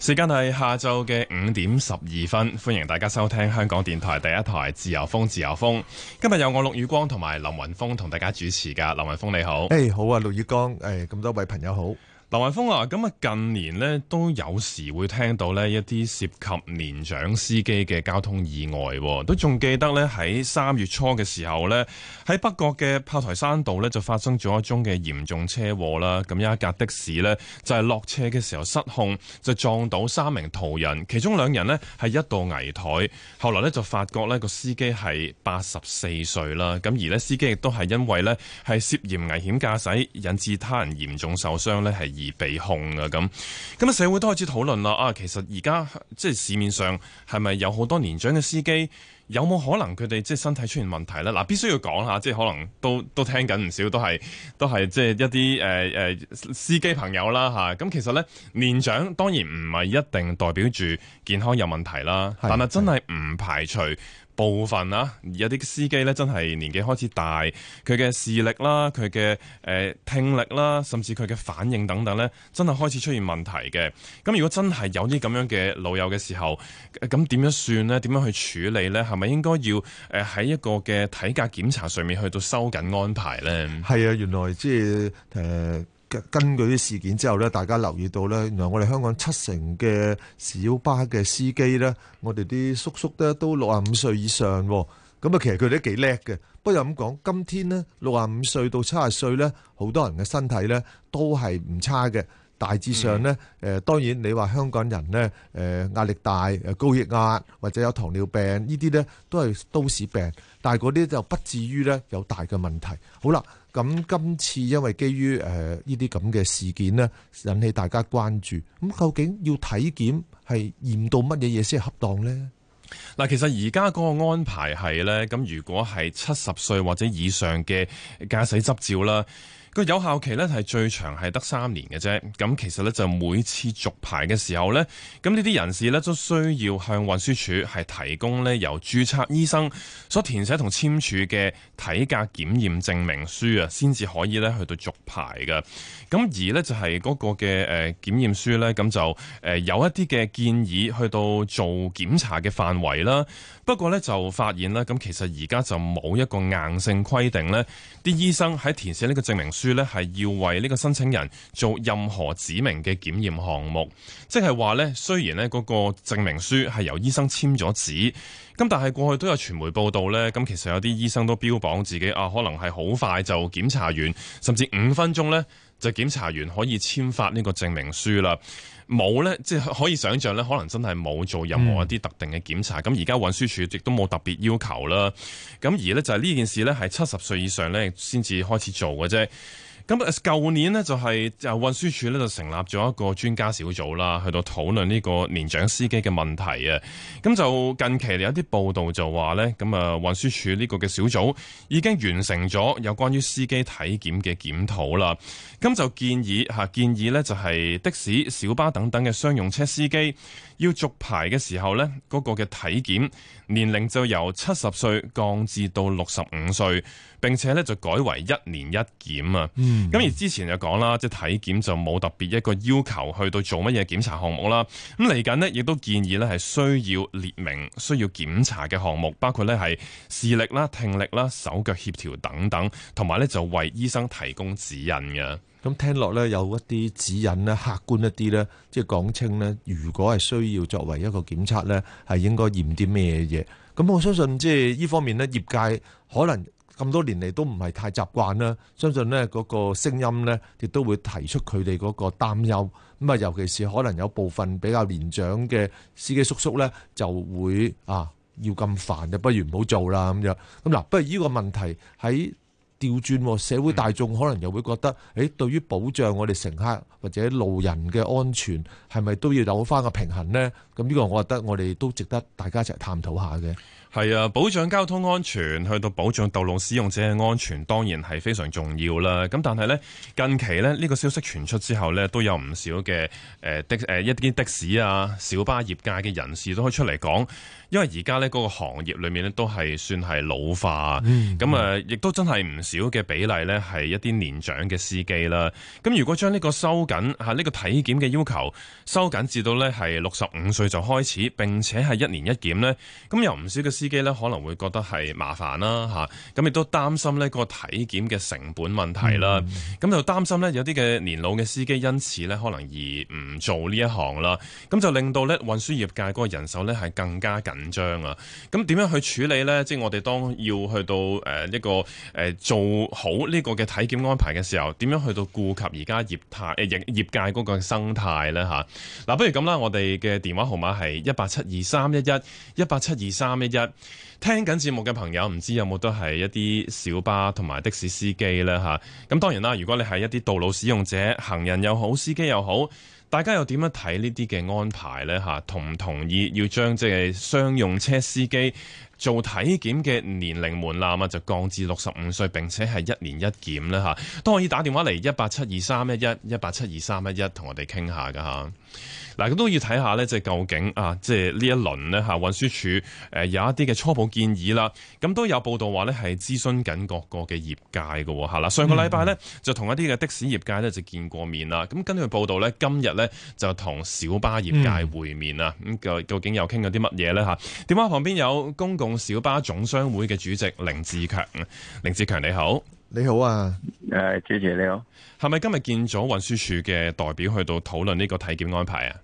時間係下晝嘅五點十二分，歡迎大家收聽香港電台第一台自由風自由風。今日有我陸宇光同埋林雲峰同大家主持噶，林雲峰你好，誒、hey, 好啊，陸宇光，誒、哎、咁多位朋友好。劉慧峰啊，咁啊近年呢都有時會聽到呢一啲涉及年長司機嘅交通意外，都仲記得呢，喺三月初嘅時候呢，喺北角嘅炮台山道呢就發生咗一宗嘅嚴重車禍啦。咁有一架的士呢就係落車嘅時候失控，就撞到三名途人，其中兩人呢係一度危殆。後來呢就發覺呢個司機係八十四歲啦，咁而呢司機亦都係因為呢係涉嫌危險駕駛，引致他人嚴重受傷呢係而被控啊！咁咁啊，社會都開始討論、啊啊呃、啦。啊，其實而家即係市面上係咪有好多年長嘅司機，有冇可能佢哋即係身體出現問題咧？嗱，必須要講下，即係可能都都聽緊唔少，都係都係即係一啲誒誒司機朋友啦吓。咁其實咧，年長當然唔係一定代表住健康有問題啦，是的 但係真係唔排除。部分啊，有啲司機咧真係年紀開始大，佢嘅視力啦、佢嘅誒聽力啦，甚至佢嘅反應等等咧，真係開始出現問題嘅。咁如果真係有啲咁樣嘅老友嘅時候，咁點樣算咧？點樣去處理咧？係咪應該要誒喺一個嘅體格檢查上面去到收緊安排咧？係啊，原來即係誒。呃根據啲事件之後咧，大家留意到咧，原來我哋香港七成嘅小巴嘅司機咧，我哋啲叔叔咧都六啊五歲以上喎。咁啊，其實佢哋都幾叻嘅。不過咁講，今天呢，六啊五歲到七啊歲咧，好多人嘅身體咧都係唔差嘅。大致上咧，誒、嗯、當然你話香港人咧，誒壓力大、高血壓或者有糖尿病呢啲咧，這些都係都市病。但係嗰啲就不至於咧有大嘅問題。好啦。咁今次因為基於誒呢啲咁嘅事件咧，引起大家關注，咁究竟要體檢係驗到乜嘢嘢先係恰當呢？嗱，其實而家嗰個安排係呢。咁如果係七十歲或者以上嘅駕駛執照啦。個有效期咧係最長係得三年嘅啫，咁其實咧就每次續牌嘅時候咧，咁呢啲人士咧都需要向運輸署係提供咧由註冊醫生所填寫同簽署嘅體格檢驗證明書啊，先至可以咧去到續牌㗎。咁而呢，就係嗰個嘅誒檢驗書咧，咁就誒有一啲嘅建議去到做檢查嘅範圍啦。不過咧，就發現啦。咁其實而家就冇一個硬性規定呢啲醫生喺填寫呢個證明書呢，係要為呢個申請人做任何指明嘅檢驗項目，即係話呢，雖然呢個證明書係由醫生簽咗紙，咁但係過去都有傳媒報道呢。咁其實有啲醫生都標榜自己啊，可能係好快就檢查完，甚至五分鐘呢，就檢查完可以簽發呢個證明書啦。冇咧，即係可以想象咧，可能真係冇做任何一啲特定嘅檢查。咁而家運輸署亦都冇特別要求啦。咁而咧就係呢件事咧，係七十歲以上咧先至開始做嘅啫。咁舊年呢就係就運輸署咧就成立咗一個專家小組啦，去到討論呢個年長司機嘅問題啊。咁就近期有啲報道就話呢，咁啊運輸署呢個嘅小組已經完成咗有關於司機體檢嘅檢討啦。咁就建議嚇，建議呢就係的士、小巴等等嘅商用車司機。要續牌嘅時候呢嗰、嗰個嘅體檢年齡就由七十歲降至到六十五歲，並且咧就改為一年一檢啊。咁、嗯、而之前就講啦，即係體檢就冇特別一個要求去到做乜嘢檢查項目啦。咁嚟緊呢，亦都建議咧係需要列明需要檢查嘅項目，包括咧係視力啦、聽力啦、手腳協調等等，同埋咧就為醫生提供指引嘅。咁聽落咧有一啲指引咧，客觀一啲咧，即係講清咧。如果係需要作為一個檢測咧，係應該驗啲咩嘢？咁我相信即係呢方面咧，業界可能咁多年嚟都唔係太習慣啦。相信咧嗰個聲音咧，亦都會提出佢哋嗰個擔憂。咁啊，尤其是可能有部分比較年長嘅司機叔叔咧，就會啊要咁煩，就不如唔好做啦咁樣。咁嗱，不過呢個問題喺，調轉社會大眾可能又會覺得，誒對於保障我哋乘客或者路人嘅安全，係咪都要有返個平衡呢？咁呢個我覺得我哋都值得大家一齊探討下嘅。係啊，保障交通安全去到保障道路使用者嘅安全，當然係非常重要啦。咁但係呢，近期呢，呢個消息傳出之後呢，都有唔少嘅的誒一啲的士啊、小巴業界嘅人士都可以出嚟講。因為而家呢個個行業裏面呢，都係算係老化，咁啊亦都真係唔少嘅比例呢係一啲年長嘅司機啦。咁如果將呢個收緊呢、呢個體檢嘅要求收緊，至到呢係六十五歲就開始，並且係一年一檢呢，咁有唔少嘅司機呢可能會覺得係麻煩啦嚇，咁亦都擔心呢個體檢嘅成本問題啦，咁、嗯、就擔心呢有啲嘅年老嘅司機因此呢可能而唔做呢一行啦，咁就令到呢運輸業界嗰個人手呢係更加緊緊張啊！咁點樣去處理呢？即係我哋當要去到誒、呃、一個誒、呃、做好呢個嘅體檢安排嘅時候，點樣去到顧及而家業態誒、呃、業界嗰個生態呢？吓、啊、嗱，不如咁啦，我哋嘅電話號碼係一八七二三一一一八七二三一一。聽緊節目嘅朋友，唔知有冇都係一啲小巴同埋的士司機呢？吓、啊、咁當然啦，如果你係一啲道路使用者，行人又好，司機又好，大家又點樣睇呢啲嘅安排呢？吓，同唔同意要將即係商用車司機做體檢嘅年齡門檻啊，就降至六十五歲，並且係一年一檢啦嚇。都可以打電話嚟一八七二三一一一八七二三一一，同我哋傾下噶嚇。嗱，咁都要睇下呢，即係究竟啊，即係呢一輪呢嚇運輸署誒有一啲嘅初步建議啦。咁都有報道話呢係諮詢緊各個嘅業界㗎喎嚇啦。上個禮拜呢，就同一啲嘅的，的士業界呢就見過面啦。咁根據報道呢，今日呢就同小巴業界會面啊。咁究竟又傾咗啲乜嘢呢？電話旁邊有公共小巴總商會嘅主席凌志強，凌志強你好，你好啊，誒主、嗯、持你好，係咪今,、啊、今日見咗運輸署嘅代表去到討論呢個體檢安排啊？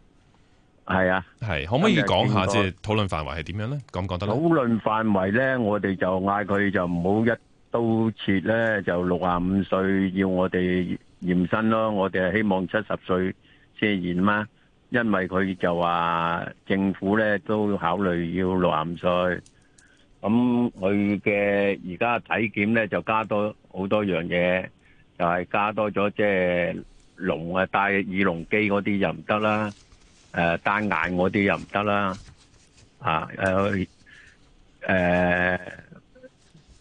係啊，係可唔可以講下即係討論範圍係點樣咧？講唔講得？討論範圍咧，我哋就嗌佢就唔好一刀切咧，就六十五歲要我哋驗身咯，我哋係希望七十歲先驗啦，因為佢就話政府咧都考慮要六十五歲。咁佢嘅而家體檢咧就加多好多樣嘢，就係、是、加多咗即係聾啊，戴耳聾機嗰啲又唔得啦，誒、呃、單眼嗰啲又唔得啦，啊誒、呃呃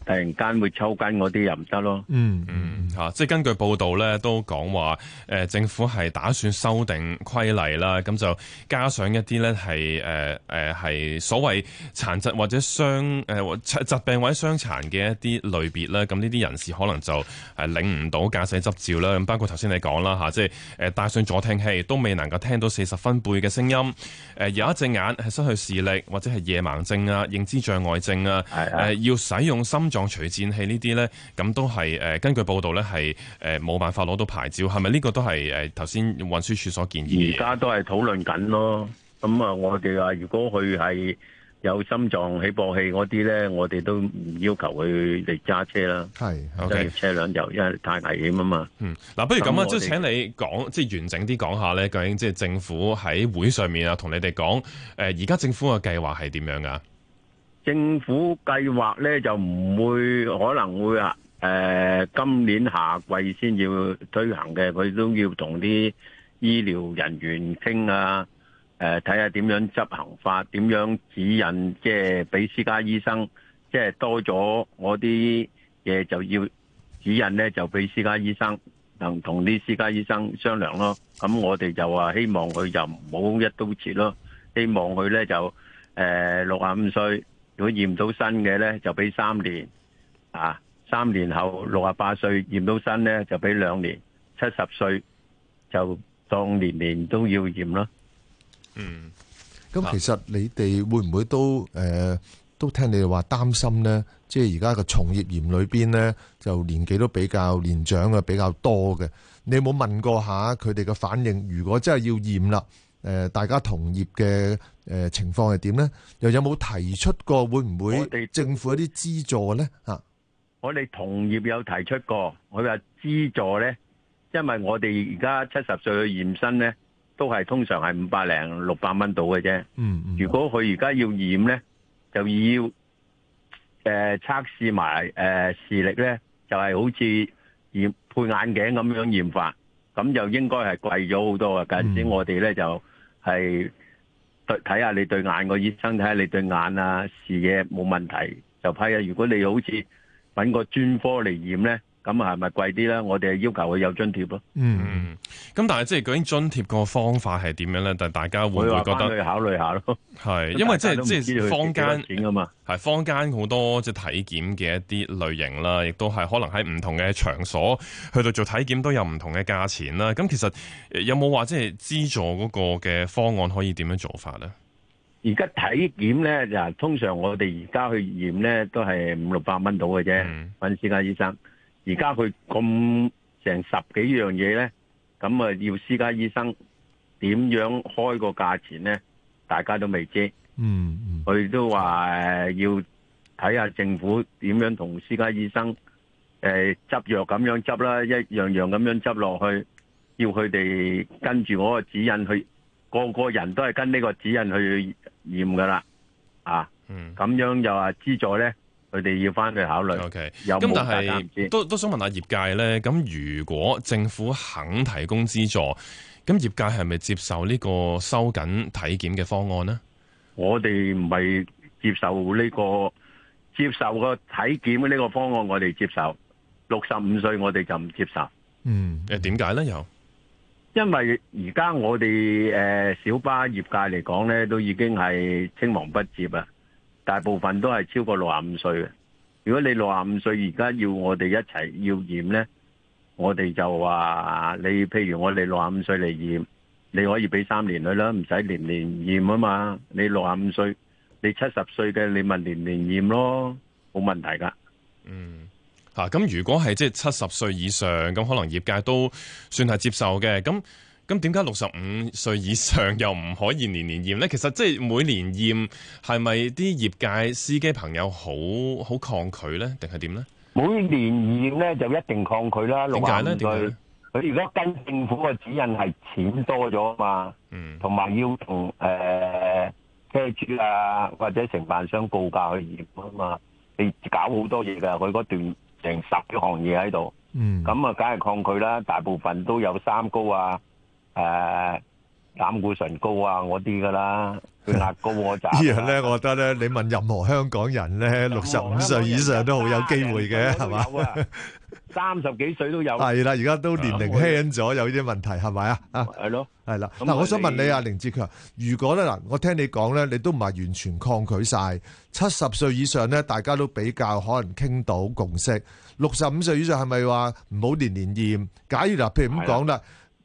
突然間會抽筋嗰啲又唔得咯。嗯嗯嚇、啊，即係根據報道咧，都講話誒政府係打算修訂規例啦，咁就加上一啲咧係誒誒係所謂殘疾或者傷誒、呃、疾病或者傷殘嘅一啲類別啦。咁呢啲人士可能就係領唔到駕駛執照啦。咁包括頭先你講啦嚇、啊，即係誒戴上助聽器都未能夠聽到四十分貝嘅聲音。誒、呃、有一隻眼係失去視力或者係夜盲症啊、認知障礙症啊。係係的、啊。要使用心。壯取戰器這些呢啲咧，咁都係誒、呃，根據報道咧係誒冇辦法攞到牌照，係咪呢個都係誒頭先運輸署所建議？而家都係討論緊咯。咁啊，我哋話如果佢係有心臟起搏器嗰啲咧，我哋都唔要求佢嚟揸車啦。係，即、okay、車輛又因為太危險啊嘛。嗯，嗱，不如咁啊，即係我請你講，即、就、係、是、完整啲講下咧，究竟即係政府喺會上面啊，同你哋講，誒，而家政府嘅計劃係點樣噶政府計劃咧就唔會可能會啊、呃，今年夏季先要推行嘅，佢都要同啲醫療人員傾啊，誒睇下點樣執行法，點樣指引，即係俾私家醫生，即係多咗我啲嘢就要指引咧，就俾私家醫生能同啲私家醫生商量咯。咁我哋就話希望佢就唔好一刀切咯，希望佢咧就誒六十五歲。如果驗到新嘅咧，就俾三年，啊，三年後六十八歲驗到新咧，就俾兩年，七十歲就當年年都要驗啦。嗯，咁、嗯、其實你哋會唔會都、呃、都聽你哋話擔心咧？即係而家個從業員裏邊咧，就年紀都比較年長嘅比較多嘅，你有冇問過下佢哋嘅反應？如果真係要驗啦？誒、呃、大家同業嘅誒、呃、情況係點咧？又有冇提出過會唔會我哋政府一啲資助咧嚇？我哋同業有提出過，佢話資助咧，因為我哋而家七十歲嘅驗身咧，都係通常係五百零六百蚊到嘅啫。嗯，如果佢而家要驗咧，就要誒、呃、測試埋誒、呃、視力咧，就係、是、好似驗配眼鏡咁樣驗法，咁就應該係貴咗好多嘅。緊先，我哋咧就。嗯係對，睇下你對眼，個醫生睇下你對眼啊，視野冇問題就批啊。如果你好似揾個專科嚟驗咧。咁係係咪貴啲咧？我哋要求佢有津貼咯。嗯，咁但係即係究竟津貼個方法係點樣咧？但係大家會唔會覺得考慮下咯？係，因為，因為即係即係坊間啊嘛，係坊間好多即係體檢嘅一啲類型啦，亦都係可能喺唔同嘅場所去到做體檢都有唔同嘅價錢啦。咁其實有冇話即係資助嗰個嘅方案可以點樣做法咧？而家體檢咧就通常我哋而家去驗咧都係五六百蚊到嘅啫，揾私家醫生。而家佢咁成十幾樣嘢呢，咁啊要私家醫生點樣開個價錢呢？大家都未知，嗯。嗯，佢都話要睇下政府點樣同私家醫生誒執藥咁樣執啦，一樣樣咁樣執落去，要佢哋跟住我個指引去，個個人都係跟呢個指引去驗噶啦，啊，咁樣又話資助呢。佢哋要翻去考慮有有格格 okay, 但是，OK。咁但係都都想問下業界咧，咁如果政府肯提供資助，咁業界係咪接受呢個收緊體檢嘅方案呢？我哋唔係接受呢、呢個，接受個體檢呢個方案，我哋接受六十五歲，我哋就唔接受。65我們就接受嗯，誒點解咧？又因為而家我哋誒小巴業界嚟講咧，都已經係青黃不接啊。大部分都係超過六十五歲嘅。如果你六十五歲而家要我哋一齊要驗呢，我哋就話你譬如我哋六十五歲嚟驗，你可以俾三年佢啦，唔使年年驗啊嘛。你六十五歲，你七十歲嘅你問年年驗咯，冇問題㗎。嗯，吓、啊、咁如果係即係七十歲以上咁，可能業界都算係接受嘅咁。咁點解六十五歲以上又唔可以年年驗咧？其實即係每年驗係咪啲業界司機朋友好好抗拒咧？定係點咧？每年驗咧就一定抗拒啦。點解咧？佢佢如果跟政府嘅指引係錢多咗啊嘛，同埋、嗯、要同誒車主啊或者承辦商報價去驗啊嘛，你搞好多嘢噶。佢嗰段成十幾行嘢喺度，咁啊梗係抗拒啦。大部分都有三高啊。誒、膽、呃、固醇高啊，嗰啲噶啦， 血壓高嗰陣。樣呢，我覺得咧，你問任何香港人咧，六十五歲以上都好有機會嘅，係嘛？三十幾歲都有。係啦， 而家都年齡輕咗，啊、有呢啲問題係咪啊？啊，係咯，係啦。嗱，我想問你啊，凌志強，如果咧嗱，我聽你講咧，你都唔係完全抗拒晒七十歲以上咧，大家都比較可能傾到共識。六十五歲以上係咪話唔好年年驗？假如嗱，譬如咁講啦。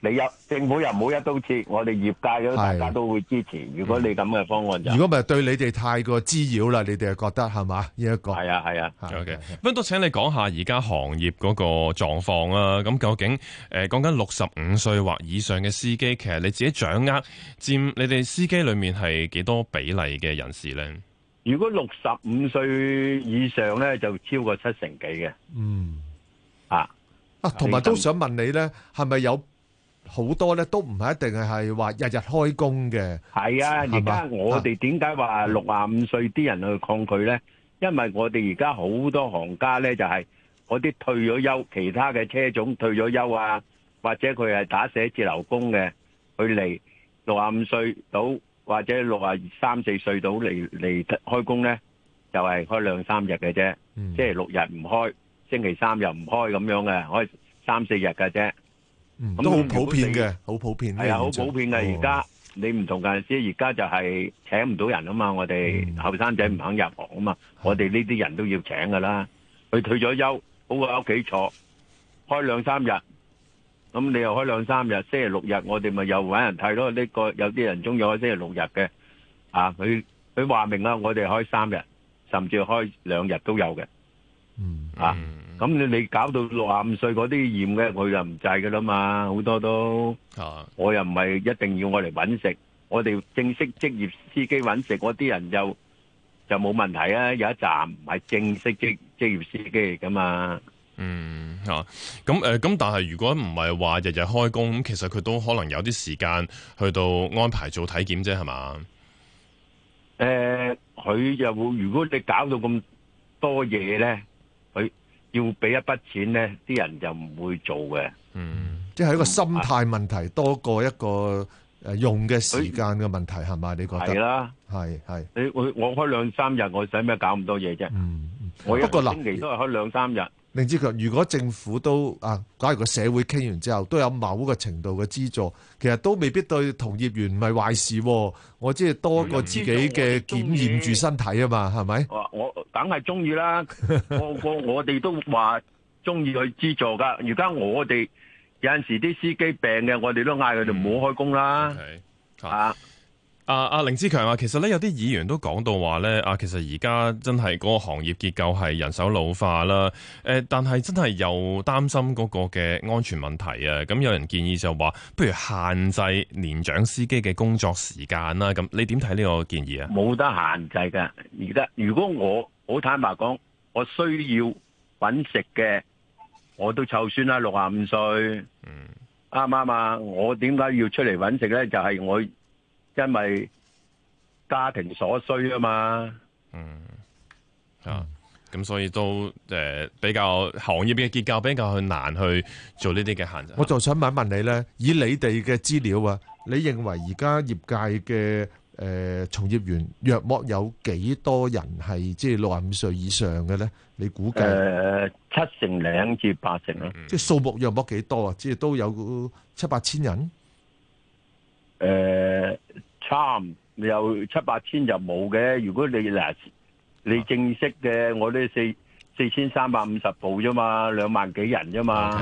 你入政府又冇一刀切，我哋業界嘅、啊、大家都會支持。如果你咁嘅方案，如果唔係對你哋太過滋擾啦，你哋又覺得係嘛？呢一、這個係啊係啊。O K，咁都請你講下而家行業嗰個狀況啊。咁究竟誒、呃、講緊六十五歲或以上嘅司機，其實你自己掌握佔你哋司機裏面係幾多比例嘅人士咧？如果六十五歲以上咧，就超過七成幾嘅。嗯啊啊，同埋都想問你咧，係咪有？好多咧，都唔係一定係話日日開工嘅。係啊，而家我哋點解話六十五歲啲人去抗拒咧？因為我哋而家好多行家咧就係嗰啲退咗休，其他嘅車種退咗休啊，或者佢係打寫字樓工嘅，佢嚟六十五歲到或者六十三四歲到嚟嚟開工咧，就係開兩三日嘅啫，即係六日唔開，星期三又唔開咁樣嘅，開三四日嘅啫。都好普遍嘅，好普遍係啊，好普遍嘅。而家你唔同噶，即係而家就係請唔到人啊嘛。我哋後生仔唔肯入行啊嘛。我哋呢啲人都要請噶啦。佢退咗休，好過喺屋企坐，開兩三日。咁你又開兩三日，星期六日，我哋咪又搵人睇咯。呢個有啲人中意開星期六日嘅。啊，佢佢話明啦，我哋開三日，甚至開兩日都有嘅。嗯，啊。咁你你搞到六十五歲嗰啲嚴嘅，佢就唔制噶啦嘛，好多都，啊、我又唔係一定要我嚟搵食，我哋正式職業司機搵食，嗰啲人就又冇問題啊，有一站唔係正式職職業司機嚟噶嘛，嗯，啊，咁誒，咁、呃、但係如果唔係話日日開工，咁其實佢都可能有啲時間去到安排做體檢啫，係嘛？誒、呃，佢又會如果你搞到咁多嘢咧，佢。要俾一筆錢咧，啲人就唔會做嘅。嗯，即係一個心態問題多過一個誒用嘅時間嘅問題，係咪？你覺得係啦，係係。你我我開兩三日，我使咩搞咁多嘢啫？嗯，我一個星期都係開兩三日。凌志強，如果政府都啊，假如個社會傾完之後都有某個程度嘅資助，其實都未必對同業員唔係壞事。我即係多過自己嘅檢驗住身體啊嘛，係咪？我。梗係中意啦，個個我都說的我我哋都話中意去資助噶。而家我哋有陣時啲司機病嘅，我哋都嗌佢哋唔好開工啦。係 Okay. 啊，阿阿凌志強啊，其實咧有啲議員都講到話咧，啊，其實而家真係嗰個行業結構係人手老化啦。誒，但係真係又擔心嗰個嘅安全問題啊。咁有人建議就話，不如限制年長司機嘅工作時間啦。咁你點睇呢個建議啊？冇得限制噶，而家如果我。好坦白講，我需要搵食嘅，我都湊孫啦，六啊五歲，啱唔啱啊？我點解要出嚟搵食咧？就係、是、我因為家庭所需啊嘛。嗯啊，咁所以都誒、呃、比較行業嘅結構比較難去做呢啲嘅限制。我就想問一問你咧，以你哋嘅資料啊，你認為而家業界嘅？誒、呃、從業員約莫有幾多人係即係六十五歲以上嘅咧？你估計誒、呃、七成兩至八成啊！嗯嗯，即係數目約莫幾多啊？即係都有七八千人。誒，差你有七八千就冇嘅。如果你嗱，你正式嘅我呢四。啊四千三百五十部啫嘛，兩萬幾人啫嘛。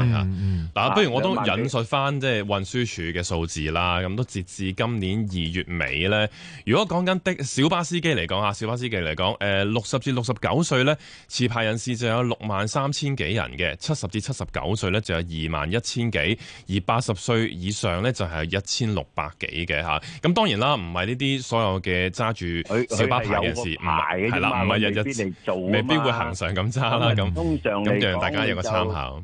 嗱、啊，不如我都引述翻即係運輸署嘅數字啦。咁都截至今年二月尾咧。如果講緊的小巴司機嚟講啊，小巴司機嚟講，六十至六十九歲咧，持牌人士就有六萬三千幾人嘅，七十至七十九歲咧就有二萬一千幾，而八十歲以上咧就係一千六百幾嘅嚇。咁當然啦，唔係呢啲所有嘅揸住小巴牌人士，係啦，唔係日日嚟做，未必會行上咁咁，咁、啊，啊、通常嚟講讓大家有個參考。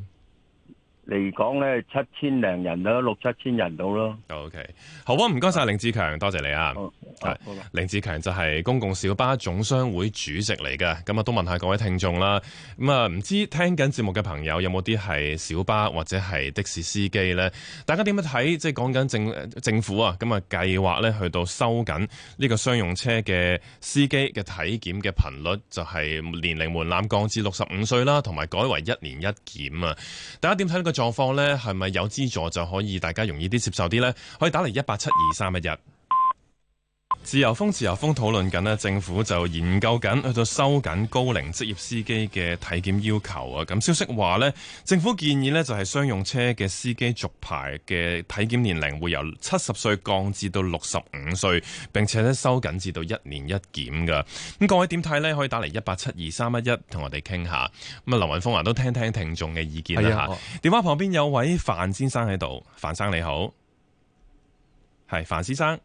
嚟講咧，七千零人到，六七千人到咯。O、okay, K，好啊，唔該晒凌志強，啊、多謝你啊。係凌志強就係公共小巴總商會主席嚟嘅，咁啊都問下各位聽眾啦。咁啊，唔知聽緊節目嘅朋友有冇啲係小巴或者係的士司機呢？大家點樣睇？即係講緊政政府啊，咁啊計劃咧去到收緊呢個商用車嘅司機嘅體檢嘅頻率，就係年齡門檻降至六十五歲啦，同埋改為一年一檢啊。大家點睇呢個？狀況呢，係咪有資助就可以大家容易啲接受啲呢？可以打嚟一八七二三一一。自由風，自由風討論緊呢政府就研究緊去到收緊高齡職業司機嘅體檢要求啊。咁消息話呢政府建議呢就係商用車嘅司機續牌嘅體檢年齡會由七十歲降至到六十五歲，並且呢收緊至到一年一檢噶。咁各位點睇呢？可以打嚟一八七二三一一同我哋傾下。咁啊，林雲峰啊，都聽聽聽，聽眾嘅意見啦嚇。哎、電話旁邊有位范先生喺度，范先生你好，係范先生。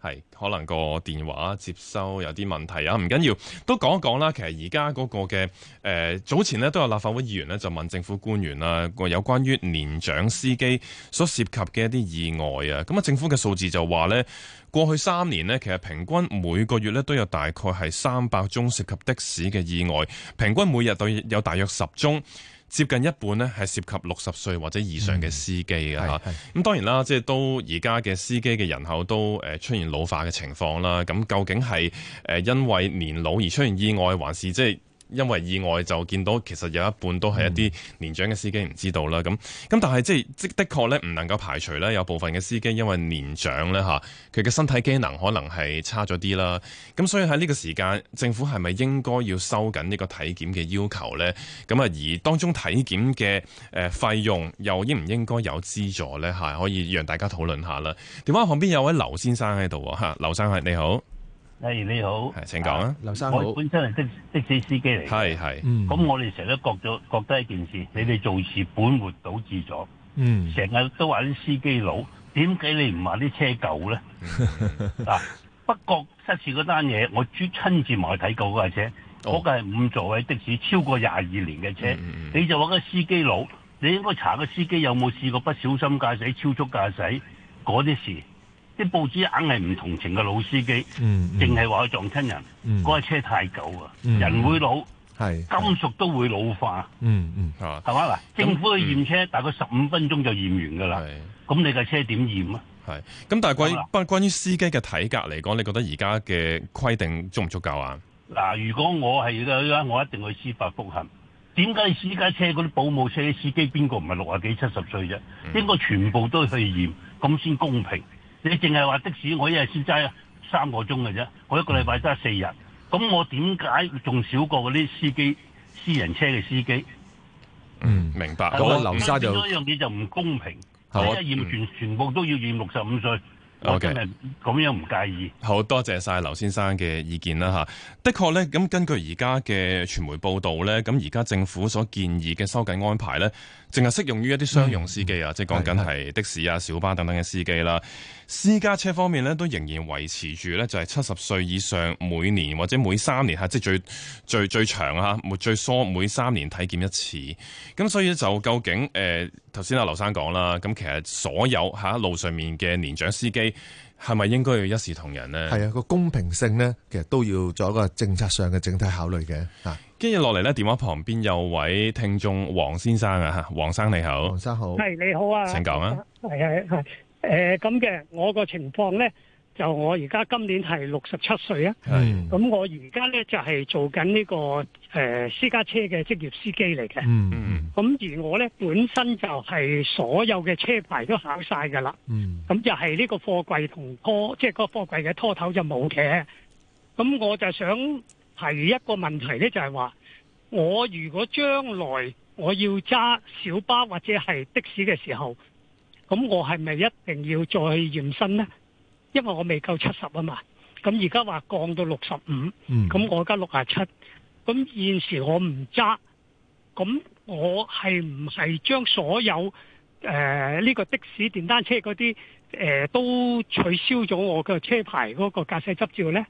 係，可能個電話接收有啲問題啊，唔緊要，都講一講啦。其實而家嗰個嘅誒、呃，早前呢都有立法會議員呢，就問政府官員啦，個有關於年長司機所涉及嘅一啲意外啊。咁啊，政府嘅數字就話呢，過去三年呢，其實平均每個月呢都有大概係三百宗涉及的士嘅意外，平均每日都有大約十宗。接近一半咧，係涉及六十歲或者以上嘅司機嘅嚇，咁、嗯、當然啦，即係都而家嘅司機嘅人口都誒出現老化嘅情況啦。咁究竟係誒因為年老而出現意外，還是即係因為意外就見到，其實有一半都係一啲年長嘅司機唔知道啦。咁咁、嗯，但係即係的確呢，唔能夠排除呢有部分嘅司機因為年長呢，嚇，佢嘅身體機能可能係差咗啲啦。咁所以喺呢個時間，政府係咪應該要收緊呢個體檢嘅要求呢？咁啊，而當中體檢嘅誒費用又應唔應該有資助呢？嚇，可以讓大家討論下啦。電話旁邊有位劉先生喺度嚇，劉生係你好。係、hey, 你好，請講啊，劉生好。我本身係的的士司機嚟，係係。咁我哋成日都覺咗、嗯、覺得一件事，你哋做事本末倒置咗。嗯，成日都話啲司機佬點解你唔話啲車舊咧？嗱、 啊，不過失事嗰單嘢，我專親自埋去睇過嗰架車，嗰個係五座位的士，超過廿二年嘅車，嗯、你就話個司機佬，你應該查個司機有冇試過不小心駕駛、超速駕駛嗰啲事。啲報紙硬係唔同情嘅老司機，淨係話佢撞親人，嗰架、嗯、車太舊啊，嗯、人會老，係金屬都會老化，嗯嗯係嘛？嗱，政府去驗車、嗯、大概十五分鐘就驗完㗎啦，咁係你架車點驗啊？係咁，但係關關於司機嘅體格嚟講，你覺得而家嘅規定足唔足夠啊？嗱，如果我係我一定去司法復核，點解私家車嗰啲保姆車司機邊個唔係六啊幾七十歲啫？應該全部都去驗，咁先、嗯、公平。你淨係話的士，我一日先揸三個鐘嘅啫，我一個禮拜揸四日，咁我點解仲少過嗰啲司機、私人車嘅司機？嗯，明白。咁啊我，南、嗯、沙就呢樣嘢就唔公平，因我一驗全、嗯、全部都要驗六十五歲。OK，係咁樣唔介意。好多謝晒劉先生嘅意見啦吓，的確咧，咁根據而家嘅傳媒報道咧，咁而家政府所建議嘅收緊安排咧，淨係適用於一啲商用司機啊，嗯、即係講緊係的士啊、對小巴等等嘅司機啦。私家車方面咧，都仍然維持住咧，就係七十歲以上每年或者每三年吓，即係最最最長啊，最疏每三年體檢一次。咁所以就究竟誒，頭、呃、先阿劉生講啦，咁其實所有吓路上面嘅年長司機。係咪應該要一視同仁呢？係啊，個公平性呢，其實都要做一個政策上嘅整體考慮嘅。啊，跟住落嚟呢，電話旁邊有位聽眾黃先生啊，黃生你好。黃生好。係你好啊。請講啊。係啊，係，誒、呃，咁嘅我個情況呢，就我而家今年係六十七歲啊，咁我而家咧就係做緊呢個誒私家車嘅職業司機嚟嘅。咁而我咧本身就係所有嘅車牌都考晒㗎啦。咁、嗯、就係呢個貨櫃同拖，即係個貨櫃嘅拖頭就冇嘅。咁我就想提一個問題咧，就係話，我如果將來我要揸小巴或者係的士嘅時候，咁我係咪一定要再去驗身咧？因為我未夠七十啊嘛，咁而家話降到六十五，咁我而家六十七，咁現時我唔揸，咁我係唔係將所有誒呢、呃這個的士電單車嗰啲誒都取消咗我嘅車牌嗰個駕駛執照呢？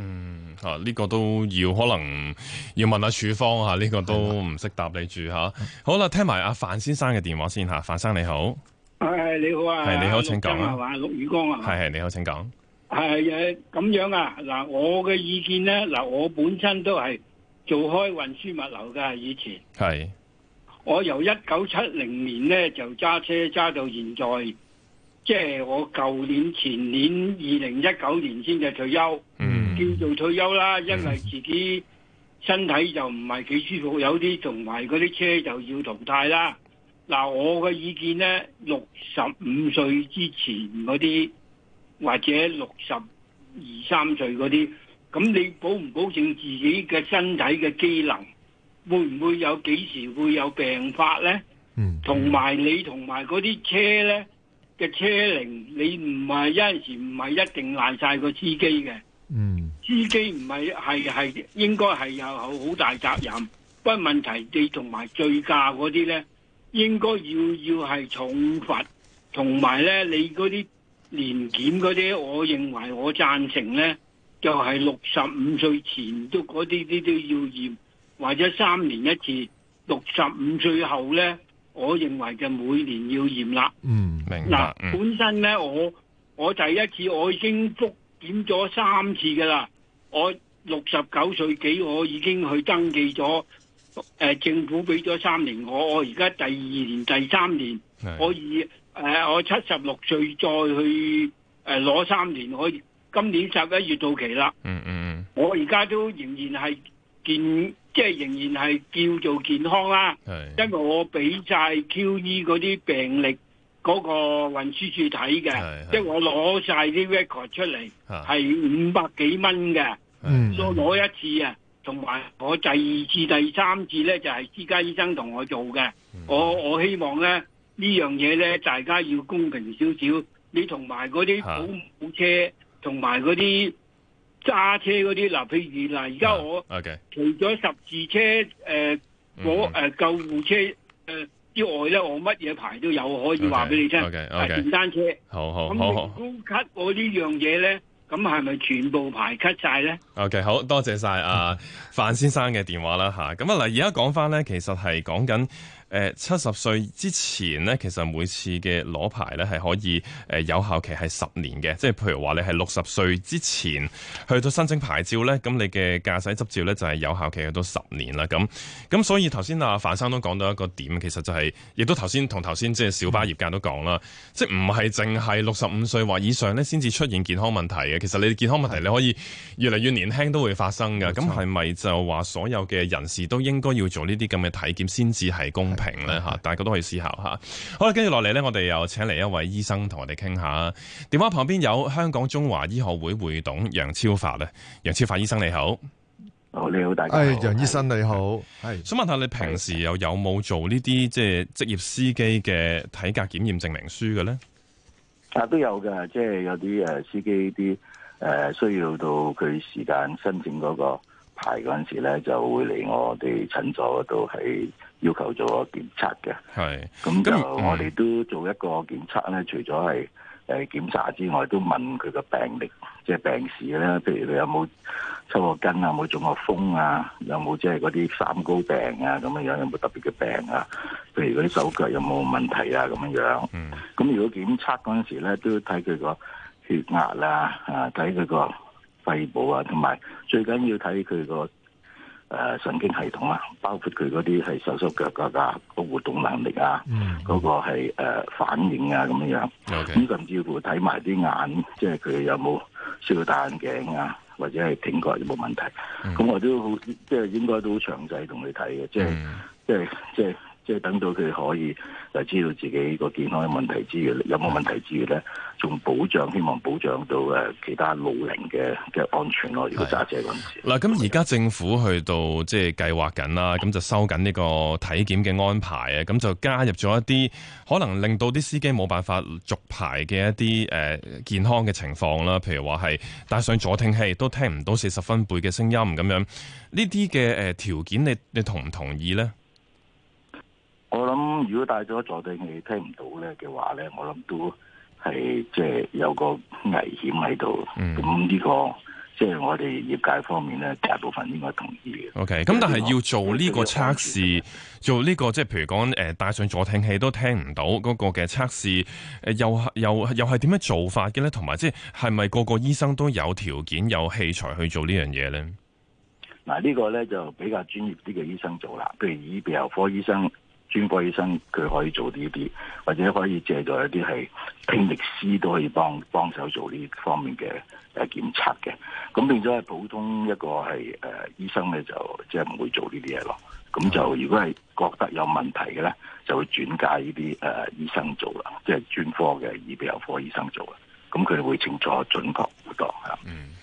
嗯、呢、啊這個都要可能要問下處方呢、啊這個都唔識答你住吓。啊嗯、好啦，聽埋阿范先生嘅電話先吓，范生你好。誒、哎，你好啊！係你好請講，請講啊！係陸宇光啊！係係你好請講，請講、哎。係誒，咁樣啊？嗱，我嘅意見咧，嗱，我本身都係做開運輸物流嘅，以前係是我由一九七零年咧就揸車揸到現在，即、就、係、是、我舊年前年二零一九年先至退休，嗯，叫做退休啦，因為自己身體就唔係幾舒服，有啲同埋嗰啲車就要淘汰啦。嗱，我嘅意見呢，六十五歲之前嗰啲，或者六十二三歲嗰啲，咁你保唔保證自己嘅身體嘅機能？會唔會有幾時會有病發呢？嗯，同埋、嗯、你同埋嗰啲車呢，嘅車齡，你唔係有陣時唔係一定賴晒個司機嘅。嗯，司機唔係係係應該係有好大責任。不過問題你同埋醉駕嗰啲呢。應該要要係重罰，同埋咧，你嗰啲年檢嗰啲，我認為我贊成咧，就係六十五歲前都嗰啲啲都要驗，或者三年一次。六十五歲後咧，我認為就每年要驗啦。嗯，明嗱，啊嗯、本身咧，我我第一次我已經複檢咗三次噶啦，我六十九歲幾我已經去登記咗。誒、呃、政府俾咗三年，我我而家第二年第三年，的可以、呃、我七十六歲再去誒攞、呃、三年，我今年十一月到期啦、嗯。嗯嗯我而家都仍然係健，即係仍然係叫做健康啦、啊。的因為我俾晒 QE 嗰啲病歷，嗰、嗰個運輸處睇嘅，的即係我攞晒啲 record 出嚟，係五百幾蚊嘅，嗯、所以我攞一次啊。同埋我第二次、第三次咧，就係、是、私家醫生同我做嘅。嗯、我我希望咧呢樣嘢咧，大家要公平少少。你同埋嗰啲保姆車同埋嗰啲揸車嗰啲，嗱譬如嗱，而家我、啊、okay, 除咗十字車誒我誒救護車誒之外咧，我乜嘢、嗯呃呃、牌都有可以話俾你聽，係電單車好好好。咁你高級我樣呢樣嘢咧？咁係咪全部排級晒咧？OK，好多謝晒、嗯、啊，范先生嘅電話啦吓，咁啊，嗱，而家講翻咧，其實係講緊。誒，七十歲之前呢，其實每次嘅攞牌呢係可以誒有效期係十年嘅，即係譬如話你係六十歲之前去到申請牌照呢，咁你嘅駕駛執照呢就係有效期去到十年啦。咁咁所以頭先阿范生都講到一個點，其實就係、是、亦都頭先同頭先即係小巴業界都講啦，嗯、即係唔係淨係六十五歲或以上呢先至出現健康問題嘅，其實你健康問題你可以越嚟越年輕都會發生嘅。咁係咪就話所有嘅人士都應該要做呢啲咁嘅體檢先至係公平？平咧，吓，大家都可以思考下。好啦，跟住落嚟咧，我哋又請嚟一位醫生同我哋傾下。電話旁邊有香港中華醫學會會董楊超發咧，楊超發醫生你好。好你好大家，誒楊醫生你好，係想、哎、問下你平時又有冇做呢啲即係職業司機嘅體格檢驗證明書嘅咧？啊，都有嘅，即、就、係、是、有啲誒司機啲誒需要到佢時間申請嗰個牌嗰陣時咧，就會嚟我哋診所都係。要求做個檢測嘅，係咁就我哋都做一個檢測咧。嗯、除咗係誒檢查之外，都問佢個病歷，即係病史咧。譬如佢有冇抽過筋啊，有冇中過風啊，有冇即係嗰啲三高病啊，咁樣樣有冇特別嘅病啊？譬如嗰啲手腳有冇問題、嗯、啊？咁樣樣。咁如果檢測嗰陣時咧，都睇佢個血壓啦，啊睇佢個肺部啊，同埋最緊要睇佢個。誒、呃，神經系統啊，包括佢嗰啲係手手腳腳嘅個活動能力啊，嗰、嗯、個係誒、呃、反應啊咁樣樣。咁甚至乎睇埋啲眼，即係佢有冇需要戴眼鏡啊，或者係聽覺有冇問題？咁、嗯、我都好，即係應該都好詳細同你睇嘅，即係即係即係。即係等到佢可以誒知道自己個健康嘅問題，之餘，有冇問題，之餘咧，仲保障希望保障到誒其他老齡嘅嘅安全咯。的如果揸車嗰陣時嗱，咁而家政府去到即係計劃緊啦，咁就收緊呢個體檢嘅安排啊，咁就加入咗一啲可能令到啲司機冇辦法續牌嘅一啲誒健康嘅情況啦。譬如話係戴上助聽器都聽唔到四十分貝嘅聲音咁樣呢啲嘅誒條件你，你你同唔同意咧？我諗，如果戴咗助聽器聽唔到咧嘅話咧，我諗都係即係有個危險喺度。咁呢、嗯呢個即係、就是、我哋業界方面咧，大部分應該同意嘅。OK，咁但係要做呢個測試，呃、做呢、呢個即係譬如講，誒、呃、戴上助聽器都聽唔到嗰，嗰個嘅測試誒又又又係點樣做法嘅咧？同埋即係係咪個個醫生都有條件有器材去做呢呢樣嘢咧？嗱，呢個咧就比較專業啲嘅醫生做啦，譬如耳鼻喉科醫生。專科醫生佢可以做呢啲，或者可以借助一啲係聽力師都可以幫幫手做呢方面嘅誒、啊、檢測嘅。咁變咗係普通一個係誒、呃、醫生咧，就即係唔會做呢啲嘢咯。咁就如果係覺得有問題嘅咧，就會轉介呢啲誒醫生做啦，即係專科嘅耳鼻喉科醫生做嘅。咁佢哋會清楚準確好多嚇。嗯，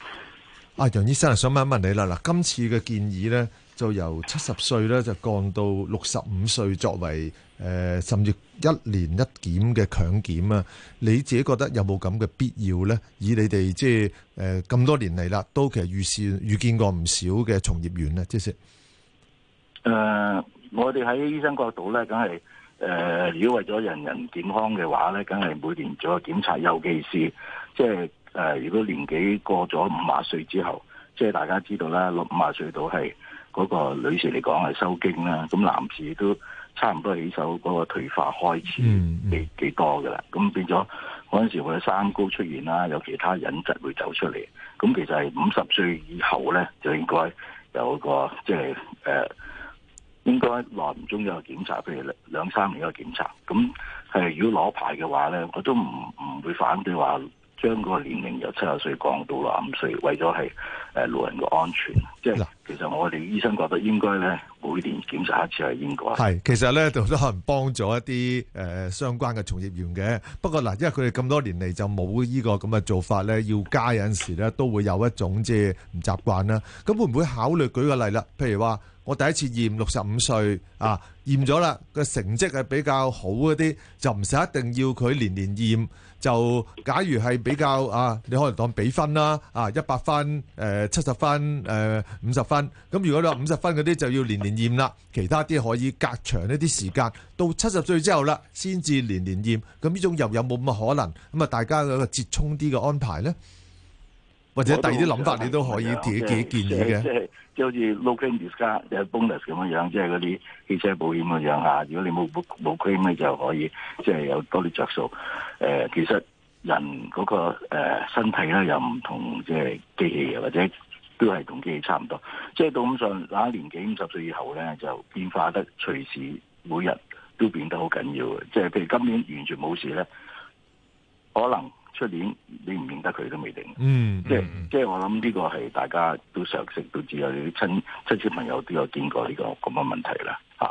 阿、啊、楊醫生想問一問你啦，嗱，今次嘅建議咧。就由七十歲咧，就降到六十五歲作為誒、呃，甚至一年一檢嘅強檢啊！你自己覺得有冇咁嘅必要咧？以你哋即係誒咁多年嚟啦，都其實預示遇見過唔少嘅從業員咧，即是誒，我哋喺醫生角度咧，梗係誒，如果為咗人人健康嘅話咧，梗係每年做個檢查尤其是，即係誒，如果年紀過咗五啊歲之後，即係大家知道啦，六五啊歲到係。嗰個女士嚟講係收經啦，咁男士都差唔多起手嗰、那個退化開始幾幾多嘅啦，咁變咗嗰陣時會有三高出現啦，有其他隱疾會走出嚟，咁其實係五十歲以後咧，就應該有一個即係誒、呃，應該耐唔中有個檢查，譬如兩兩三年一個檢查，咁係如果攞牌嘅話咧，我都唔唔會反對話。將個年齡由七十歲降到六十歲，為咗係誒老人嘅安全，即係嗱其實我哋醫生覺得應該咧每年檢查一次係應該。係其實咧都可能幫咗一啲、呃、相關嘅從業員嘅。不過嗱，因為佢哋咁多年嚟就冇呢個咁嘅做法咧，要加有陣時咧都會有一種即係唔習慣啦。咁會唔會考慮？舉個例啦，譬如話。我第一次驗六十五歲啊，驗咗啦，個成績係比較好嗰啲，就唔使一定要佢年年驗。就假如係比較啊，你可能當比分啦，啊一百分、誒七十分、誒五十分。咁、啊、如果你話五十分嗰啲就要年年驗啦，其他啲可以隔長一啲時間到七十歲之後啦，先至年年驗。咁、啊、呢種又有冇咁啊可能？咁啊大家嗰個折衷啲嘅安排呢？或者第二啲諗法你都可以自己自己建議嘅，即係即係好似 no claim discount 有 bonus 咁樣樣，即係嗰啲汽車保險咁樣下。如果你冇冇 claim 咧，就可以即係、就是、有多啲着數。誒、呃，其實人嗰、那個、呃、身體咧又唔同，即、就、係、是、機器或者都係同機器差唔多。即、就、係、是、到咁上，嗱年紀五十歲以後咧，就變化得隨時每日都變得好緊要嘅。即、就、係、是、譬如今年完全冇事咧，可能。出年你唔認得佢都未定、嗯嗯即，即係即係我諗呢個係大家都常識都知有啲親，親親戚朋友都有見過呢、呢個咁嘅問題啦嚇。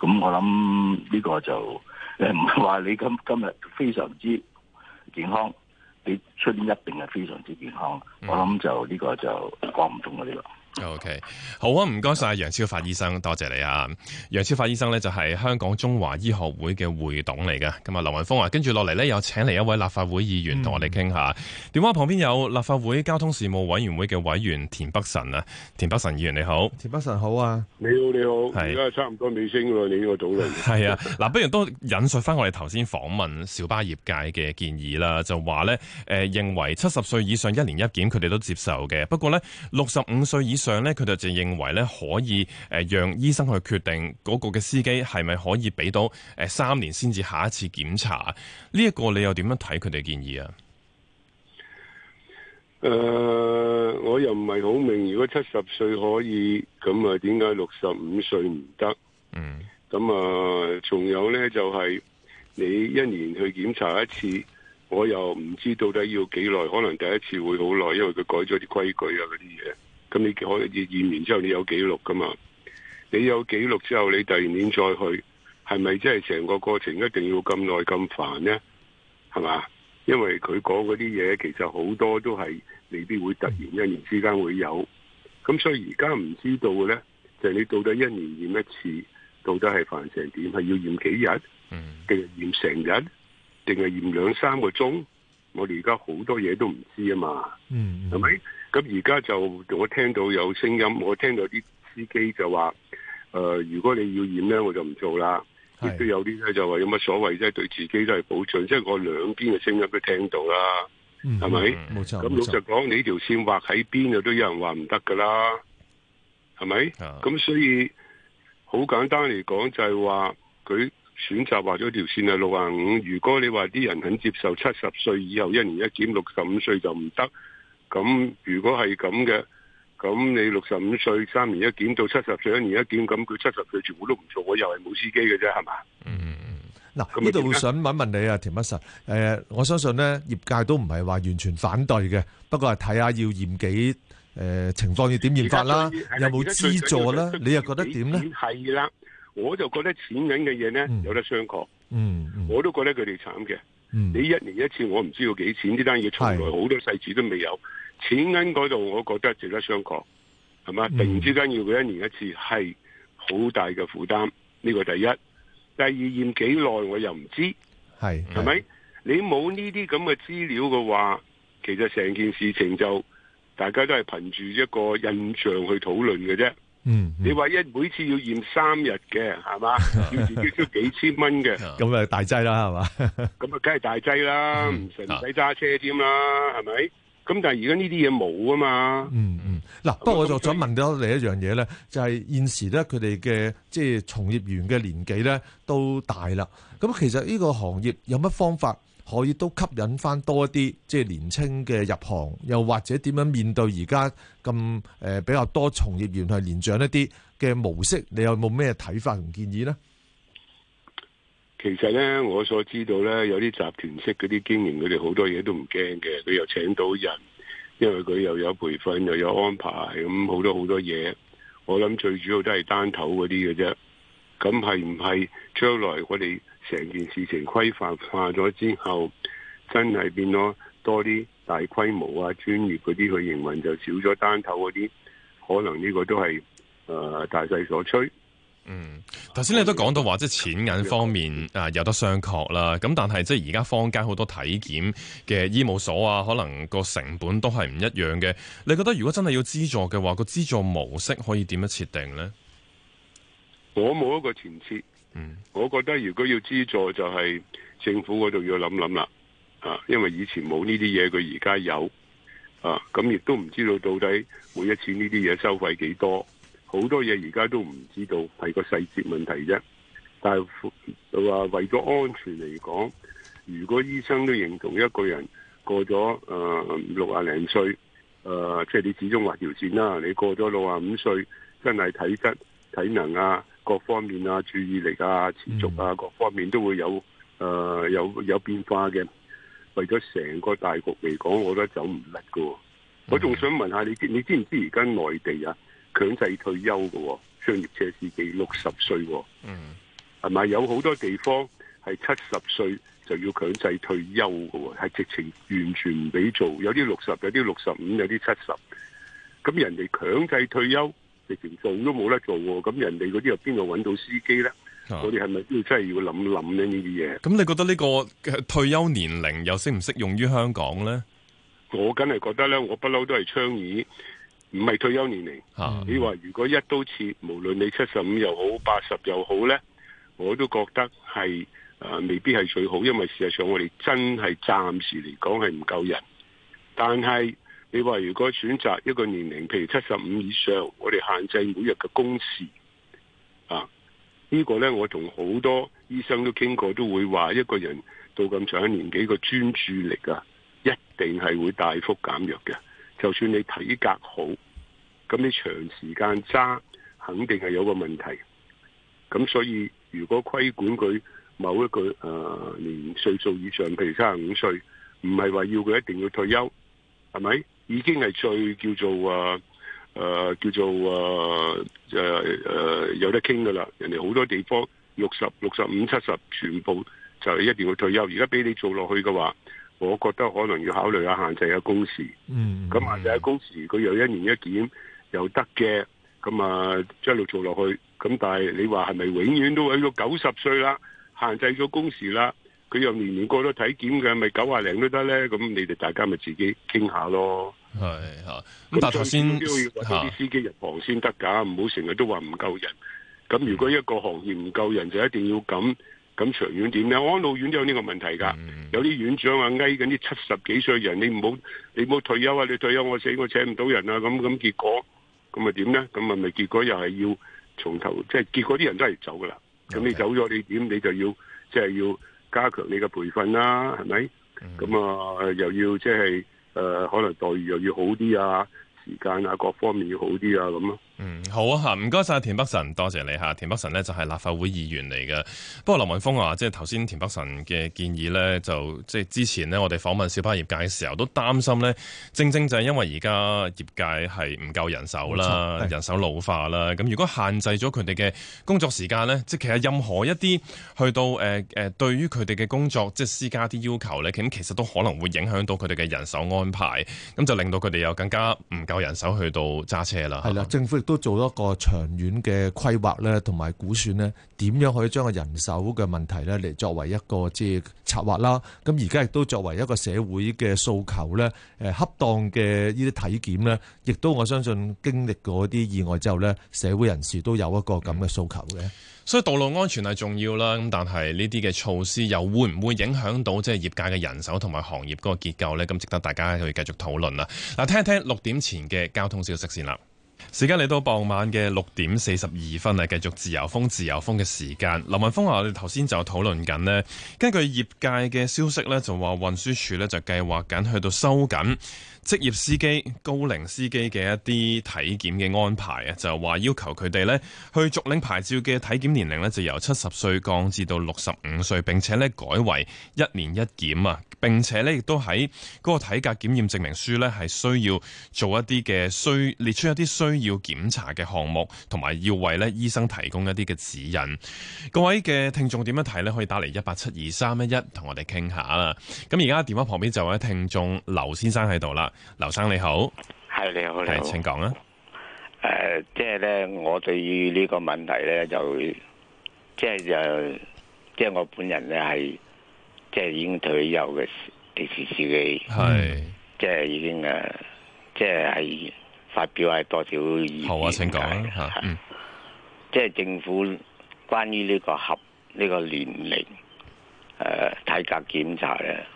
咁、啊、我諗呢個就誒唔係話你今今日非常之健康，你出年一定係非常之健康。嗯、我諗就呢、呢個就講唔通嗰啲啦。呢個 OK，好啊！唔該晒楊超發醫生，多謝你啊！楊超發醫生呢，就係香港中華醫學會嘅會董嚟嘅。咁啊，劉云峰啊，跟住落嚟呢，又請嚟一位立法會議員同我哋傾下。嗯、電話旁邊有立法會交通事務委員會嘅委員田北辰啊，田北辰議員你好，田北辰好啊，你好你好，而家是差唔多尾聲啦，你呢個組嘅係啊，嗱、 啊，不如都引述返我哋頭先訪問小巴業界嘅建議啦，就話呢，誒、呃、認為七十歲以上一年一檢，佢哋都接受嘅。不過呢，六十五歲以上，上咧，佢哋就認為咧，可以誒，讓醫生去決定嗰個嘅司機係咪可以俾到誒三年先至下一次檢查。呢一個你又點樣睇佢哋建議啊？誒，我又唔係好明，如果七十歲可以，咁啊點解六十五歲唔得？嗯，咁啊，仲有咧就係你一年去檢查一次，我又唔知到底要幾耐，可能第一次會好耐，因為佢改咗啲規矩啊嗰啲嘢。咁你可以驗完之後，你有記錄噶嘛？你有記錄之後，你第二年再去，係咪真係成個過程一定要咁耐咁煩呢？係嘛？因為佢講嗰啲嘢，其實好多都係未必會突然一年之間會有。咁所以而家唔知道嘅呢，就係你到底一年驗一次，到底係煩成點？係要驗幾日？定係驗成日？定係驗兩三個鐘？我哋而家好多嘢都唔知啊嘛。係係咪？咁而家就我聽到有聲音，我聽到啲司機就話，誒、呃，如果你要驗咧，我就唔做啦。亦都是有啲咧就話，有乜所謂，即係對自己都係保障。即、就、係、是、我兩邊嘅聲音都聽到啦，係咪、嗯？冇、嗯、錯。咁老實講，錯你條線畫喺邊，就都有人話唔得噶啦，係咪？咁、嗯、所以好簡單嚟講，就係話佢選擇畫咗條線係六啊五。如果你話啲人肯接受七十歲以後一年一檢，六十五歲就唔得。咁如果係咁嘅，咁你六十五歲三年一檢到七十歲一年一檢，咁佢七十歲全部都唔做，我又係冇司機嘅啫，係嘛？嗯嗯，嗱呢度會想問問你啊，田北辰，誒、呃、我相信咧業界都唔係話完全反對嘅，不過係睇下要驗幾誒情況要點驗法啦，有冇資助啦？你又覺得點咧？係啦，我就覺得錢銀嘅嘢咧有得商榷、嗯，嗯，我都覺得佢哋慘嘅。嗯、你一年一次，我唔知要幾錢，呢單嘢從來好的多細節都未有。錢銀嗰度，我覺得值得商榷，係嘛？突然、嗯、之間要佢一年一次，係好大嘅負擔，呢個第一。第二驗幾耐，我又唔知，係係咪？吧是你冇呢啲咁嘅資料嘅話，其實成件事情就大家都係憑住一個印象去討論嘅啫。嗯，你話一每次要驗三日嘅，係嘛？ 要自己出幾千蚊嘅，咁啊 大劑啦，係嘛？咁、嗯、啊，梗係大劑啦，唔使揸車添啦，係咪？咁但係而家呢啲嘢冇啊？嘛嗯，嗯嗯，嗱，不過我就想問多你一樣嘢咧，就係現時咧佢哋嘅即係從業員嘅年紀咧都大啦，咁其實呢個行業有乜方法可以都吸引翻多一啲即係年輕嘅入行，又或者點樣面對而家咁誒比較多從業員係年長一啲嘅模式，你有冇咩睇法同建議咧？其實咧，我所知道咧，有啲集團式嗰啲經營，佢哋好多嘢都唔驚嘅。佢又請到人，因為佢又有培訓，又有安排，咁好多好多嘢。我諗最主要都係單頭嗰啲嘅啫。咁係唔係將來我哋成件事情規範化咗之後，真係變咗多啲大規模啊、專業嗰啲去營運就少咗單頭嗰啲，可能呢個都係、呃、大勢所趨。嗯，頭先你都講到話即係錢銀方面有得商榷啦，咁但係即係而家坊間好多體檢嘅醫務所啊，可能個成本都係唔一樣嘅。你覺得如果真係要資助嘅話，個資助模式可以點樣設定呢？我冇一個前設，嗯，我覺得如果要資助就係政府嗰度要諗諗啦，啊，因為以前冇呢啲嘢，佢而家有啊，咁亦都唔知道到底每一次呢啲嘢收費幾多。好多嘢而家都唔知道，係個細節問題啫。但係話為咗安全嚟講，如果醫生都認同一個人過咗誒，六啊零歲，誒，呃，即係你始終劃條線啦。你過咗六啊五歲，真係體質、體能啊、各方面啊、注意力啊、持續啊各方面都會有誒，呃、有有變化嘅。為咗成個大局嚟講，我都走唔甩噶。Okay. 我仲想問下你，你知唔知而家內地啊？強制退休嘅商業車司機六十歲，歲嗯，係咪有好多地方係七十歲就要強制退休嘅？係直情完全唔俾做，有啲六十，有啲六十五，有啲七十。咁人哋強制退休，直情做都冇得做，咁人哋嗰啲又邊度揾到司機咧？啊，我哋係咪要真係要諗諗咧呢啲嘢？咁你覺得呢個退休年齡又適唔適用於香港咧？我梗係覺得咧，我不嬲都係倡議。唔係退休年齡，嗯、你話如果一刀切，無論你七十五又好，八十又好呢，我都覺得係誒、呃，未必係最好，因為事實上我哋真係暫時嚟講係唔夠人。但係你話如果選擇一個年齡，譬如七十五以上，我哋限制每日嘅工時啊，呢、呢個呢，我同好多醫生都傾過，都會話一個人到咁上年紀，個專注力啊，一定係會大幅減弱嘅。就算你體格好，咁你長時間揸，肯定係有個問題。咁所以，如果規管佢某一個、呃、年歲數以上，譬如三十五歲，唔係話要佢一定要退休，係咪已經係最叫做啊、呃、叫做、呃呃呃、有得傾㗎啦？人哋好多地方六十六十五七十，60, 65, 70，全部就一定要退休。而家俾你做落去嘅話，我覺得可能要考慮下限制嘅工時，嗯，咁限制嘅工時佢又一年一檢又得嘅，咁啊一路做落去，咁但係你話係咪永遠都喺個九十歲啦，限制咗工時啦，佢又年年過咗體檢嘅，咪九啊零都得咧？咁你哋大家咪自己傾下咯。係啊，咁但係先都要揾啲司機入行先得㗎，唔好成日都話唔夠人。咁如果一個行業唔夠人，就一定要咁。咁長遠點咧？我安老院都有呢個問題㗎，mm hmm. 有啲院長啊，翳緊啲七十幾歲人，你唔好你唔好退休啊！你退休我請我請唔到人啊！咁咁結果咁咪點咧？咁咪咪結果又係要從頭，即係結果啲人都係走㗎啦。咁你走咗你點？你就要即係要加強你嘅培訓啦，係咪？咁啊、mm hmm. 呃、又要即係、呃、可能待遇又要好啲啊，時間啊各方面要好啲啊咁咯。嗯，好啊吓，唔該晒。田北辰，多謝你吓。田北辰呢就係立法會議員嚟嘅。不過林文峰啊，即係頭先田北辰嘅建議呢，就即係之前呢，我哋訪問小巴業界嘅時候都擔心呢，正正就係因為而家業界係唔夠人手啦，人手老化啦。咁如果限制咗佢哋嘅工作時間呢，即係其實任何一啲去到誒誒，對於佢哋嘅工作即係施加啲要求呢，咁其實都可能會影響到佢哋嘅人手安排，咁就令到佢哋又更加唔夠人手去到揸車啦。啦對，是政府。都做一個長遠嘅規劃咧，同埋估算呢，點樣可以將個人手嘅問題呢嚟，作為一個即係策劃啦。咁而家亦都作為一個社會嘅訴求呢誒，恰當嘅呢啲體檢呢亦都我相信經歷過啲意外之後呢，社會人士都有一個咁嘅訴求嘅。所以道路安全係重要啦，咁但係呢啲嘅措施又會唔會影響到即係業界嘅人手同埋行業嗰個結構呢？咁值得大家去繼續討論啦。嗱，聽一聽六點前嘅交通消息先啦。時間嚟到傍晚嘅六點四十二分啊，繼續自由風自由風嘅時間。林文峰啊，我哋頭先就討論緊呢，根據業界嘅消息呢，就話運輸署呢就計劃緊去到收緊職業司機高齡司機嘅一啲體檢嘅安排啊，就話要求佢哋呢去續領牌照嘅體檢年齡呢，就由七十歲降至到六十五歲，並且呢改為一年一檢啊。並且咧，亦都喺嗰個體格檢驗證明書咧，係需要做一啲嘅需列出一啲需要檢查嘅項目，同埋要為咧醫生提供一啲嘅指引。各位嘅聽眾點樣睇咧？可以打嚟一八七二三一一，同我哋傾下啦。咁而家電話旁邊就位聽聽眾劉先生喺度啦。劉生你好，係你好你好，你好請講啦。即係咧，我對於呢個問題咧，就即係誒，即、就、係、是就是、我本人咧係。即係已經退休嘅的士司機，係即係已經誒，即係係發表係多少意見。好啊，請講吓。嗯，即係政府關於呢個合呢個年齡誒體格檢查咧，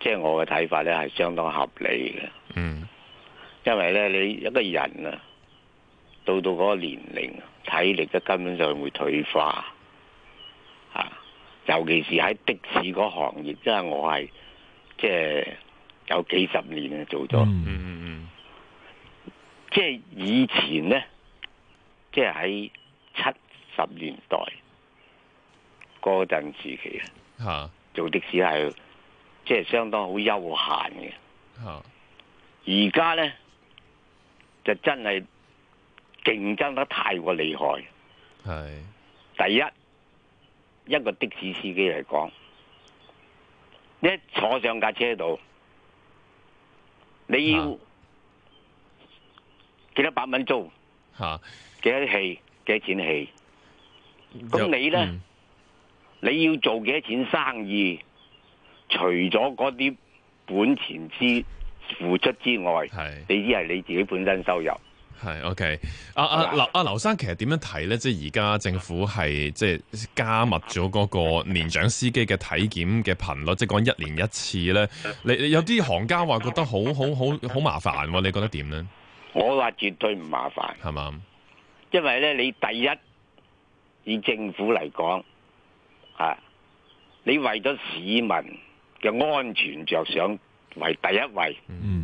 即係我嘅睇法咧係相當合理嘅。嗯，因為咧你一個人啊，到到嗰個年齡，體力都根本上會退化。尤其是喺的士嗰行業，因為我係即係有幾十年啊做咗，嗯嗯嗯，即係以前咧，即係喺七十年代嗰陣時，時期啊，吓，uh. 做的士係即係相當好悠閒嘅。吓、uh.，而家咧就真係競爭得太過厲害。係、uh. 第一。一個的士司機嚟講，一坐上架車度，你要幾多百蚊租吓，幾多氣，幾多錢氣？咁你咧，你要做幾多錢生意？除咗嗰啲本錢支付出之外，你只係你自己本身收入。係 OK，阿阿劉阿劉生，其實點樣睇咧？即係而家政府係即係加密咗嗰個年長司機嘅體檢嘅頻率，即係講一年一次咧。你有啲行家話覺得好好好好麻煩，你覺得點咧？我話絕對唔麻煩，係嘛？因為咧，你第一以政府嚟講，啊，你為咗市民嘅安全着想為第一位。嗯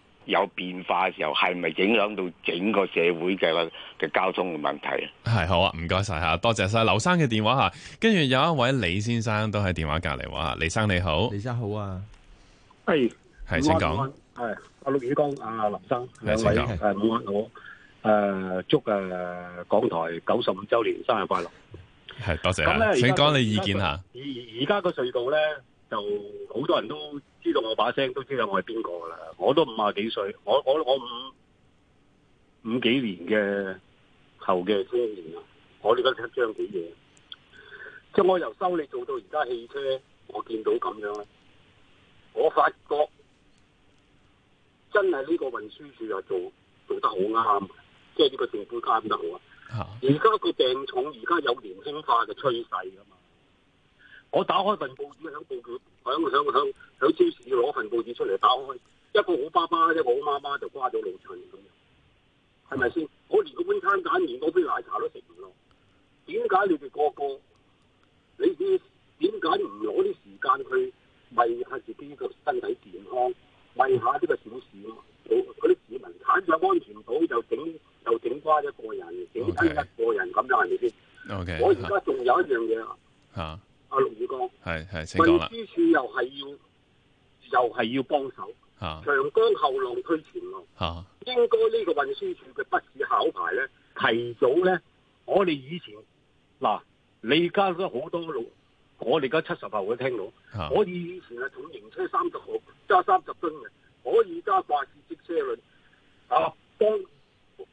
有變化嘅時候，係咪影響到整個社會嘅嘅交通嘅問題啊？係好啊，唔該晒。嚇，多謝晒劉生嘅電話嚇。跟住有一位李先生都喺電話隔籬話，李生你好，李生好啊。係係、hey，請講。係，阿陸宇光，阿林生，誒，請講。誒，我、呃、誒祝誒港台九十五週年生日快樂。係多謝，謝。咁咧，請講你意見嚇。而而家個隧道咧，就好多人都。知道我把聲，都知道我係邊個啦。我都五十幾歲，我我我五五幾年嘅頭嘅青年。啊，我呢家一張幾嘢，即係我由修理做到而家汽車，我見到咁樣咧，我發覺真係呢個運輸處啊做做得好啱，即係呢個政府監得好啊。而家個病重而家有年輕化嘅趨勢噶嘛，我打開份報紙喺報紙。響響響響超市攞份報紙出嚟，打開一個好爸爸，一個好媽媽就瓜咗老襯咁，係咪先？我連個碗餐蛋，連嗰杯奶茶都食唔落，點解你哋個個？你知點解唔攞啲時間去為下自己個身體健康，為下呢個小事？嘛，嗰啲市民慘在安全到就整就整瓜一個人，整一個人咁樣係咪先？OK，我而家仲有一樣嘢啊，阿六哥，係係，請講啦。要幫手，長江後浪推前浪，啊、應該呢個運輸處嘅筆試考牌咧，提早咧，我哋以前嗱，你而家都好多路我哋而家七十八我都聽到，啊、我以前係重型車三十號揸三十噸嘅，可以掛住即車輪，啊，幫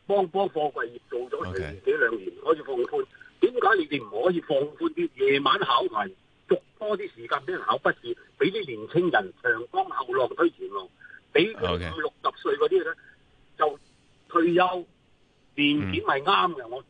幫幫貨櫃業做咗幾兩年，可以放寬，點解 Okay. 你哋唔可以放寬啲？夜晚考牌，逐多啲時間俾人考筆試。呢啲年青人長江後浪推前浪，比佢六十歲嗰啲咧就退休，年紀咪啱嘅。嗯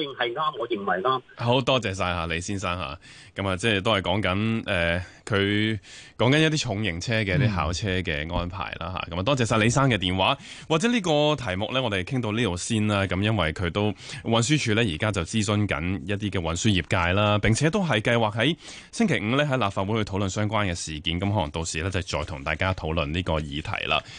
定係啱，我認為啱。好多謝晒嚇李先生嚇，咁啊即係都係講緊誒，佢講緊一啲重型車嘅啲考車嘅安排啦嚇，咁啊多謝晒李生嘅電話，或者呢個題目呢，我哋傾到呢度先啦，咁因為佢都運輸署呢，而家就諮詢緊一啲嘅運輸業界啦，並且都係計劃喺星期五呢，喺立法會去討論相關嘅事件，咁可能到時呢，就再同大家討論呢個議題啦。